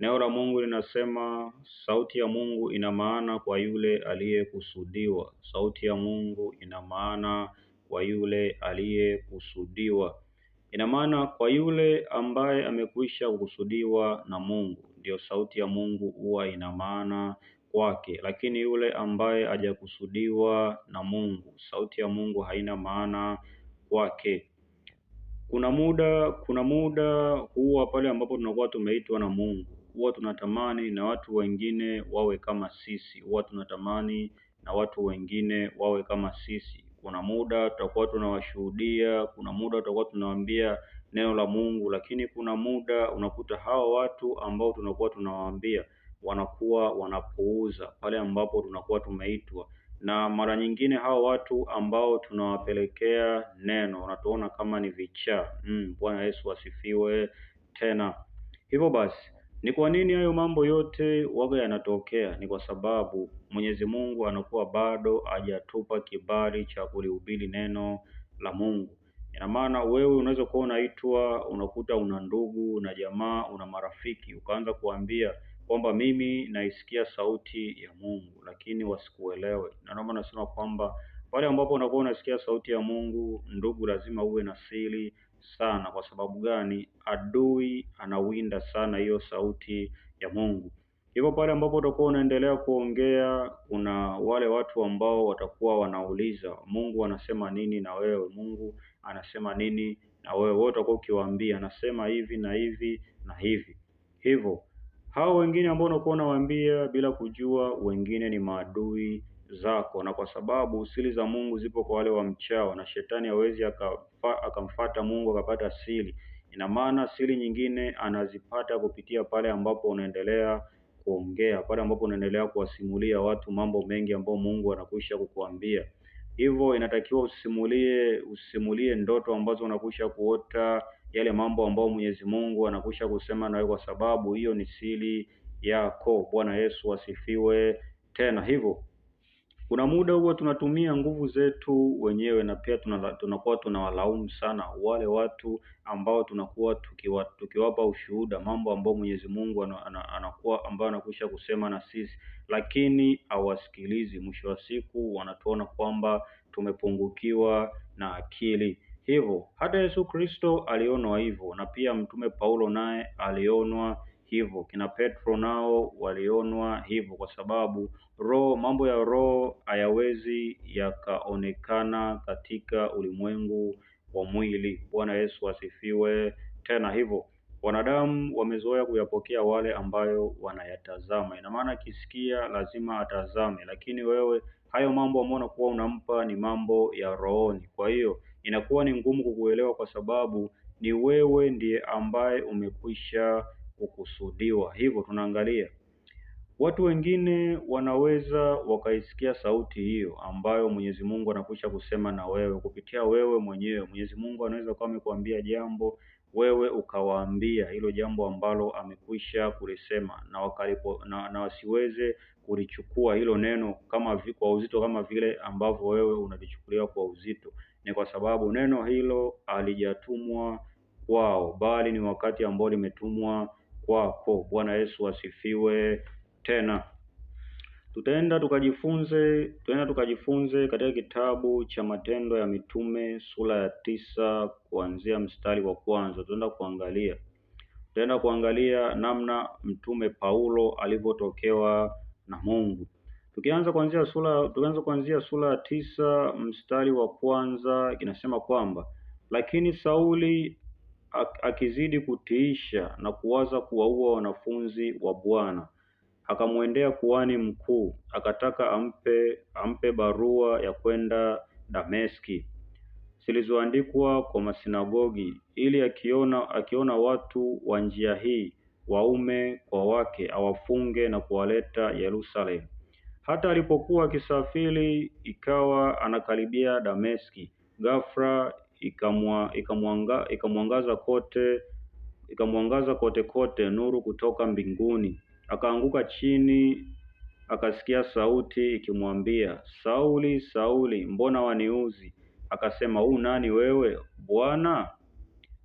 Neno la Mungu linasema sauti ya Mungu ina maana kwa yule aliyekusudiwa. Sauti ya Mungu ina maana kwa yule aliyekusudiwa, ina maana kwa yule ambaye amekwisha kukusudiwa na Mungu, ndiyo sauti ya Mungu huwa ina maana kwake. Lakini yule ambaye hajakusudiwa na Mungu, sauti ya Mungu haina maana kwake. Kuna muda, kuna muda huwa pale ambapo tunakuwa tumeitwa na Mungu huwa tunatamani na watu wengine wawe kama sisi, huwa tunatamani na watu wengine wawe kama sisi. Kuna muda tutakuwa tunawashuhudia, kuna muda tutakuwa tunawaambia neno la Mungu, lakini kuna muda unakuta hawa watu ambao tunakuwa tunawaambia wanakuwa wanapuuza pale ambapo tunakuwa tumeitwa na mara nyingine hao watu ambao tunawapelekea neno wanatuona kama ni vichaa. Mm, Bwana Yesu asifiwe tena. Hivyo basi ni kwa nini hayo mambo yote waga yanatokea? Ni kwa sababu Mwenyezi Mungu anakuwa bado hajatupa kibali cha kulihubiri neno la Mungu. Ina maana wewe unaweza kuwa unaitwa, unakuta una ndugu na jamaa, una marafiki, ukaanza kuambia kwamba mimi naisikia sauti ya Mungu, lakini wasikuelewe. Na naomba nasema kwamba pale ambapo unakuwa unasikia sauti ya Mungu, ndugu, lazima uwe na siri sana. Kwa sababu gani? Adui anawinda sana hiyo sauti ya Mungu. Hivyo pale ambapo utakuwa unaendelea kuongea, kuna wale watu ambao watakuwa wanauliza Mungu anasema nini na wewe, Mungu anasema nini na wewe, wewe utakuwa ukiwaambia anasema hivi na hivi na hivi. Hivyo hao wengine ambao unakuwa unawaambia bila kujua, wengine ni maadui zako, na kwa sababu siri za Mungu zipo kwa wale wamchao, na shetani hawezi akamfata Mungu akapata siri. Ina maana siri nyingine anazipata kupitia pale ambapo unaendelea kuongea, pale ambapo unaendelea kuwasimulia watu mambo mengi ambayo Mungu anakwisha kukuambia. Hivyo inatakiwa usimulie, usimulie ndoto ambazo unakwisha kuota, yale mambo ambayo Mwenyezi Mungu anakwisha kusema nawe, kwa sababu hiyo ni siri yako. Bwana Yesu asifiwe tena hivyo kuna muda huwa tunatumia nguvu zetu wenyewe na pia tunakuwa tunawalaumu sana wale watu ambao tunakuwa tukiwa, tukiwapa ushuhuda mambo ambayo Mwenyezi Mungu anakuwa ambayo anakusha kusema na sisi, lakini hawasikilizi. Mwisho wa siku wanatuona kwamba tumepungukiwa na akili. Hivyo hata Yesu Kristo alionwa hivyo, na pia Mtume Paulo naye alionwa hivyo, kina Petro nao walionwa hivyo, kwa sababu roho, mambo ya roho hayawezi yakaonekana katika ulimwengu wa mwili. Bwana Yesu asifiwe. Tena hivyo wanadamu wamezoea kuyapokea wale ambayo wanayatazama. Ina maana akisikia lazima atazame, lakini wewe hayo mambo ambayo unakuwa unampa ni mambo ya rohoni. Kwa hiyo inakuwa ni ngumu kukuelewa, kwa sababu ni wewe ndiye ambaye umekwisha kukusudiwa. Hivyo tunaangalia watu wengine wanaweza wakaisikia sauti hiyo ambayo Mwenyezi Mungu anakwisha kusema na wewe kupitia wewe mwenyewe. Mwenyezi Mungu anaweza kuwa amekuambia jambo, wewe ukawaambia hilo jambo ambalo amekwisha kulisema, na wakalipo na, na wasiweze kulichukua hilo neno kama vi, kwa uzito kama vile ambavyo wewe unalichukulia kwa uzito. Ni kwa sababu neno hilo alijatumwa kwao, bali ni wakati ambao limetumwa wako. Bwana Yesu asifiwe. Tena tutaenda tukajifunze, tutaenda tukajifunze katika kitabu cha Matendo ya Mitume sura ya tisa kuanzia mstari wa kwanza. Tutaenda kuangalia tutaenda kuangalia namna mtume Paulo alivyotokewa na Mungu. Tukianza kuanzia sura tukianza kuanzia sura ya tisa mstari wa kwanza inasema kwamba lakini Sauli akizidi kutiisha na kuwaza kuwaua wanafunzi wa Bwana. Akamwendea kuhani mkuu, akataka ampe ampe barua ya kwenda Dameski zilizoandikwa kwa masinagogi, ili akiona akiona watu wa njia hii waume kwa wake awafunge na kuwaleta Yerusalemu. Hata alipokuwa akisafiri, ikawa anakaribia Dameski, ghafla ikamwangaza kote, ikamwangaza kote kote nuru kutoka mbinguni. Akaanguka chini akasikia sauti ikimwambia, Sauli, Sauli, mbona waniuzi? Akasema, u nani wewe Bwana?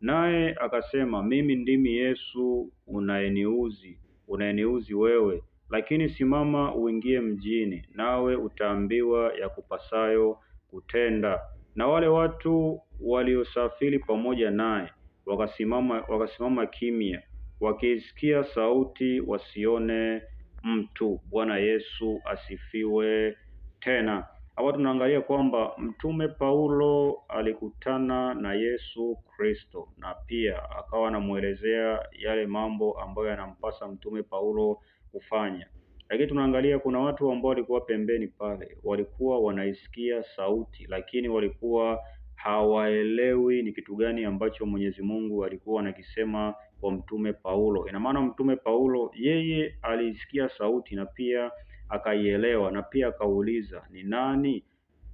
Naye akasema, mimi ndimi Yesu unayeniuzi unayeniuzi wewe, lakini simama uingie mjini, nawe utaambiwa ya kupasayo kutenda. Na wale watu waliosafiri pamoja naye wakasimama wakasimama kimya, wakiisikia sauti wasione mtu. Bwana Yesu asifiwe tena. Hapa tunaangalia kwamba Mtume Paulo alikutana na Yesu Kristo na pia akawa anamwelezea yale mambo ambayo yanampasa Mtume Paulo kufanya, lakini tunaangalia kuna watu ambao walikuwa pembeni pale, walikuwa wanaisikia sauti, lakini walikuwa hawaelewi ni kitu gani ambacho Mwenyezi Mungu alikuwa anakisema kwa mtume Paulo. Ina maana mtume Paulo yeye alisikia sauti na pia akaielewa na pia akauliza, ni nani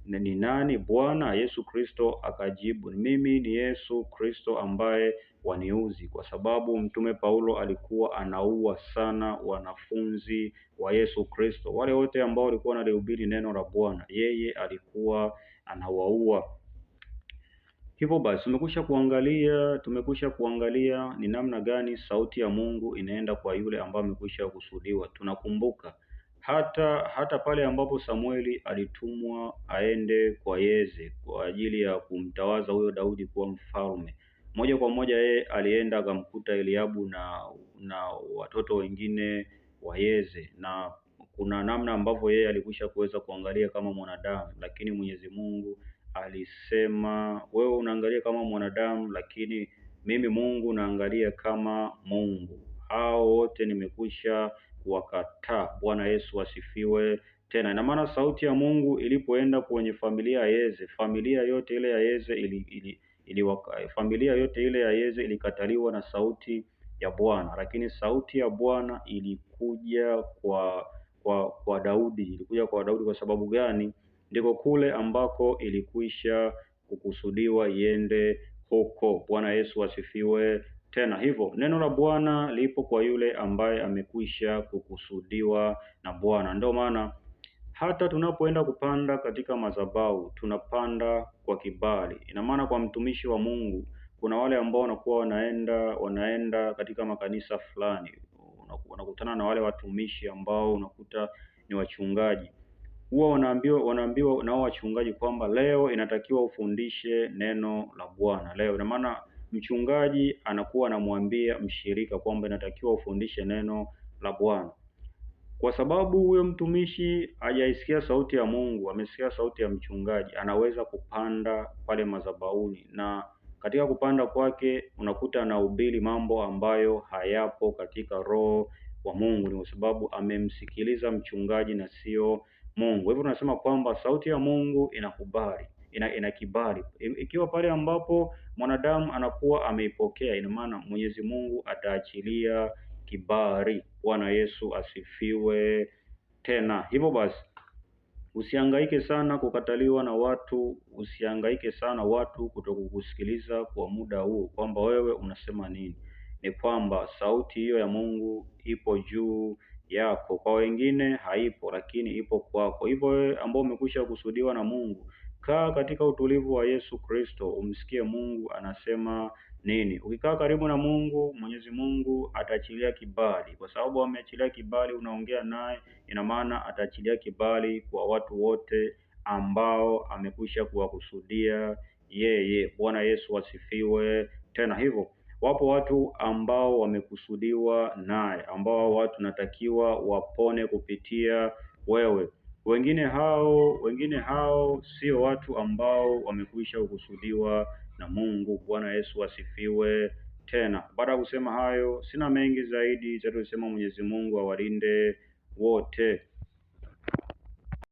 ni nani Bwana? Yesu Kristo akajibu, mimi ni Yesu Kristo ambaye waniuzi. Kwa sababu mtume Paulo alikuwa anaua sana wanafunzi wa Yesu Kristo, wale wote ambao walikuwa wanalihubiri neno la Bwana, yeye alikuwa anawaua. Hivyo basi tumekusha kuangalia tumekwisha kuangalia ni namna gani sauti ya Mungu inaenda kwa yule ambaye amekwisha kusudiwa. Tunakumbuka hata hata pale ambapo Samueli alitumwa aende kwa Yese kwa ajili ya kumtawaza huyo Daudi kuwa mfalme, moja kwa moja yeye alienda akamkuta Eliabu na na watoto wengine wa Yese, na kuna namna ambavyo yeye alikwisha kuweza kuangalia kama mwanadamu, lakini Mwenyezi Mungu alisema, wewe unaangalia kama mwanadamu, lakini mimi Mungu naangalia kama Mungu. Hao wote nimekwisha kuwakataa. Bwana Yesu asifiwe tena. Ina maana sauti ya Mungu ilipoenda kwenye familia ya yeze familia yote ile ya Yeze ili, ili, ili waka, familia yote ile ya Yeze ilikataliwa na sauti ya Bwana, lakini sauti ya Bwana ilikuja kwa kwa kwa Daudi, ilikuja kwa Daudi. Kwa sababu gani? ndiko kule ambako ilikwisha kukusudiwa iende huko. Bwana Yesu asifiwe. Tena hivyo neno la Bwana lipo kwa yule ambaye amekwisha kukusudiwa na Bwana. Ndio maana hata tunapoenda kupanda katika madhabahu tunapanda kwa kibali. Ina maana kwa mtumishi wa Mungu, kuna wale ambao wanakuwa wanaenda wanaenda katika makanisa fulani, unakutana na wale watumishi ambao unakuta ni wachungaji huwa wanaambiwa wanaambiwa nao wachungaji kwamba leo inatakiwa ufundishe neno la Bwana leo. Ina maana mchungaji anakuwa anamwambia mshirika kwamba inatakiwa ufundishe neno la Bwana, kwa sababu huyo mtumishi hajaisikia sauti ya Mungu, amesikia sauti ya mchungaji, anaweza kupanda pale mazabauni, na katika kupanda kwake unakuta anahubiri mambo ambayo hayapo katika roho wa Mungu, ni kwa sababu amemsikiliza mchungaji na sio Mungu. Hivyo tunasema kwamba sauti ya Mungu inakubali ina, ina kibali ikiwa pale ambapo mwanadamu anakuwa ameipokea, ina maana Mwenyezi Mungu ataachilia kibali. Bwana Yesu asifiwe tena. Hivyo basi usihangaike sana kukataliwa na watu, usihangaike sana watu kutokukusikiliza kwa muda huu, kwamba wewe unasema nini. Ni kwamba sauti hiyo ya Mungu ipo juu yako, kwa wengine haipo, lakini ipo kwako. Hivyo wewe ambao umekwisha kusudiwa na Mungu, kaa katika utulivu wa Yesu Kristo, umsikie Mungu anasema nini. Ukikaa karibu na Mungu, Mwenyezi Mungu ataachilia kibali, kwa sababu ameachilia kibali, unaongea naye, ina maana ataachilia kibali kwa watu wote ambao amekwisha kuwakusudia yeye. Bwana Yesu asifiwe. Tena hivyo Wapo watu ambao wamekusudiwa naye, ambao watu tunatakiwa wapone kupitia wewe. Wengine hao wengine hao sio watu ambao wamekwisha kukusudiwa na Mungu. Bwana Yesu asifiwe. Tena baada ya kusema hayo, sina mengi zaidi, cha kusema. Mwenyezi Mungu awalinde wote.